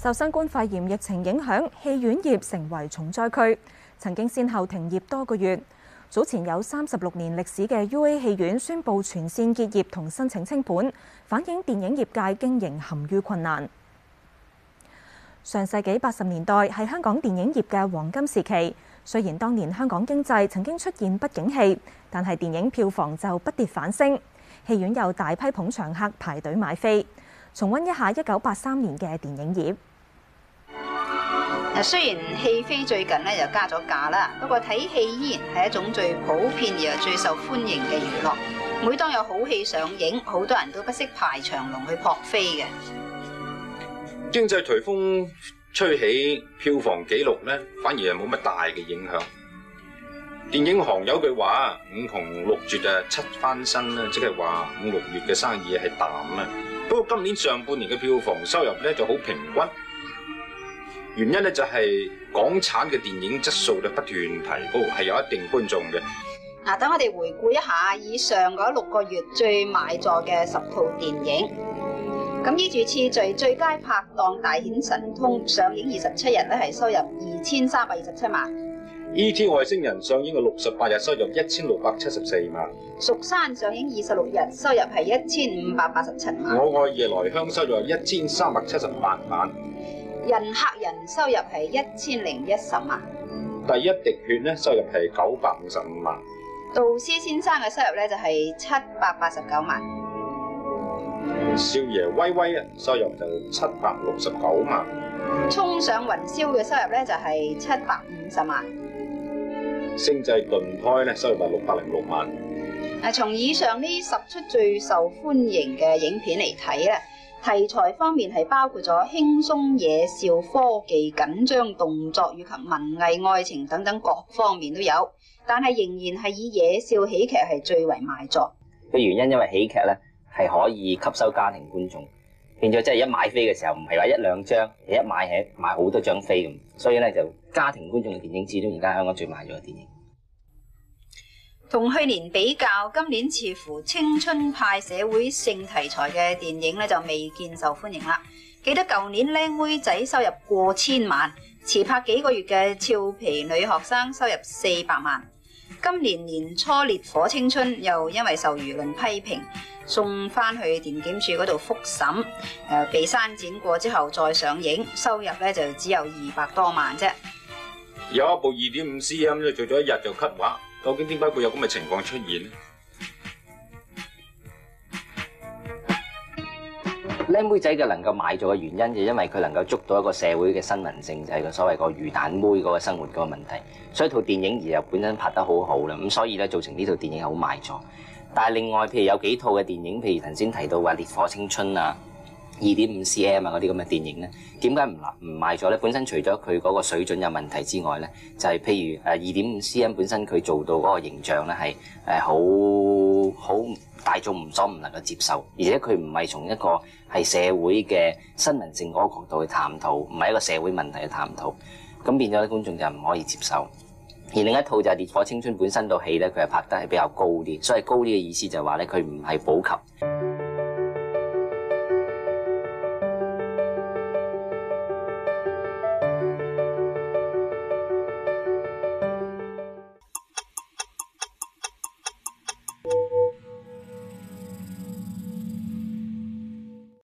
受新冠肺炎疫情影響，戲院業成為重災區。曾經先後停業多個月，早前有三十六年歷史嘅 UA 戲院宣布全線結業同申請清盤，反映電影業界經營陷於困難。上世紀八十年代係香港電影業嘅黃金時期，雖然當年香港經濟曾經出現不景氣，但係電影票房就不跌反升，戲院有大批捧場客排隊買飛。重温一下一九八三年嘅電影業。啊，雖然戲飛最近咧又加咗價啦，不過睇戲依然係一種最普遍而又最受歡迎嘅娛樂。每當有好戲上映，好多人都不惜排長龍去撲飛嘅。經濟颱風吹起，票房紀錄咧反而又冇乜大嘅影響。電影行有句話：五窮六絕啊，七翻身啦，即係話五六月嘅生意係淡啦。不過今年上半年嘅票房收入咧就好平均，原因咧就係港產嘅電影質素就不斷提高，係有一定觀眾嘅。嗱，等我哋回顧一下以上嗰六個月最賣座嘅十套電影，咁依住次序，最佳拍檔大顯神通上映二十七日咧，係收入二千三百二十七萬。《E.T. 外星人》上映嘅六十八日收入一千六百七十四萬，《蜀山》上映二十六日收入係一千五百八十七萬，《我愛夜來香》收入一千三百七十八萬，《人嚇人》收入係一千零一十萬，《第一滴血》呢收入係九百五十五萬，《道士先生》嘅收入呢就係七百八十九萬，《少爺威威》嘅收入就七百六十九萬，《衝上雲霄》嘅收入呢就係七百五十萬。星際鈍胎咧，收入係六百零六萬。啊，從以上呢十出最受歡迎嘅影片嚟睇咧，題材方面係包括咗輕鬆、野笑、科技、緊張、動作以及文藝、愛情等等各方面都有，但係仍然係以野笑喜劇係最為賣座嘅原因，因為喜劇咧係可以吸收家庭觀眾。變咗即係一買飛嘅時候，唔係話一兩張，而係一買係買好多張飛咁，所以咧就家庭觀眾嘅電影始終，而家香港最賣座嘅電影。同去年比較，今年似乎青春派社會性題材嘅電影咧就未見受歡迎啦。記得舊年靚妹仔收入過千萬，遲拍幾個月嘅俏皮女學生收入四百萬，今年年初《烈火青春》又因為受輿論批評。送翻去電檢處嗰度複審，誒被刪剪過之後再上映，收入咧就只有二百多萬啫。有一部二點五 cm 做咗一日就 cut 畫，究竟點解會有咁嘅情況出現咧？靚妹仔就能夠買座嘅原因就因為佢能夠捉到一個社會嘅新聞性，就係個所謂個魚蛋妹嗰個生活嗰個問題，所以套電影而又本身拍得好好啦，咁所以咧造成呢套電影好賣座。但係另外，譬如有幾套嘅電影，譬如頭先提到話《烈火青春》啊，2.5cm 啊《二點五 C M》啊嗰啲咁嘅電影呢，點解唔唔賣咗呢？本身除咗佢嗰個水準有問題之外呢，就係、係、譬如誒《二點五 C M》本身佢做到嗰個形象呢係誒好好大眾唔所唔能夠接受，而且佢唔係從一個係社會嘅新聞性嗰個角度去探討，唔係一個社會問題去探討，咁變咗咧觀眾就唔可以接受。而另一套就係、是《烈火青春》，本身套戲咧，佢係拍得係比較高啲，所以高啲嘅意思就係話咧，佢唔係普及。